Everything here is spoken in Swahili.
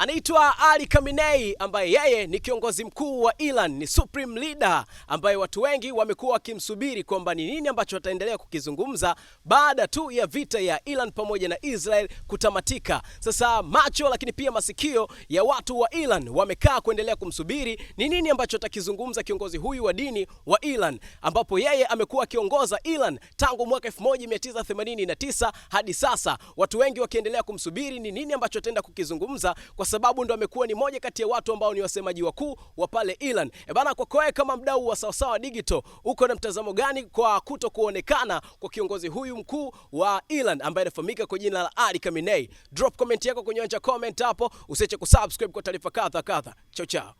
anaitwa Ali Khamenei ambaye yeye ni kiongozi mkuu wa Iran, ni supreme leader ambaye watu wengi wamekuwa wakimsubiri kwamba ni nini ambacho ataendelea kukizungumza baada tu ya vita ya Iran pamoja na Israel kutamatika. Sasa macho lakini pia masikio ya watu wa Iran wamekaa kuendelea kumsubiri ni nini ambacho atakizungumza kiongozi huyu wa dini wa Iran, ambapo yeye amekuwa akiongoza Iran tangu mwaka 1989 hadi sasa, watu wengi wakiendelea kumsubiri ni nini ambacho ataenda kukizungumza kwa sababu ndo amekuwa ni moja kati ya watu ambao ni wasemaji wakuu wa pale Ilan. E bana, kwako wewe kama mdau wa Sawasawa Digital, uko na mtazamo gani kwa kuto kuonekana kwa kiongozi huyu mkuu wa Ilan ambaye anafahamika kwa jina la Ali Khamenei? Drop comment yako kwenye anja comment hapo, usiache kusubscribe kwa taarifa kadha kadha. Chao chao.